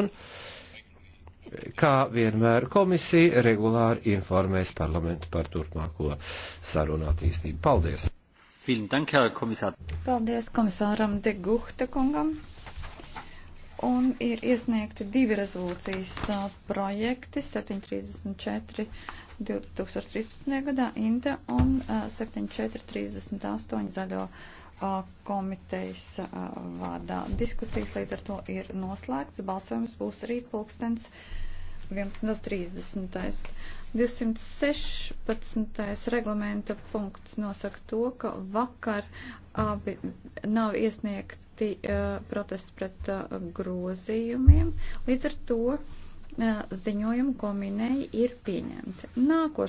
Un, kā vienmēr, komisija regulāri informēs parlamentu par turpmāko sarunu attīstību. Paldies! Paldies komisāram De Guhta kungam. Un ir iesniegti divi rezolūcijas projekti 734 2013. gadā Inta un 7438 zaļo komitejas vārdā. Diskusijas līdz ar to ir noslēgts. Balsojums būs rīt pulkstens 11.30. 216. reglamenta punkts nosaka to, ka vakar abi nav iesniegti uh, protesti pret uh, grozījumiem. Līdz ar to uh, ziņojumu, ko minēja, ir pieņemti. Nākošais.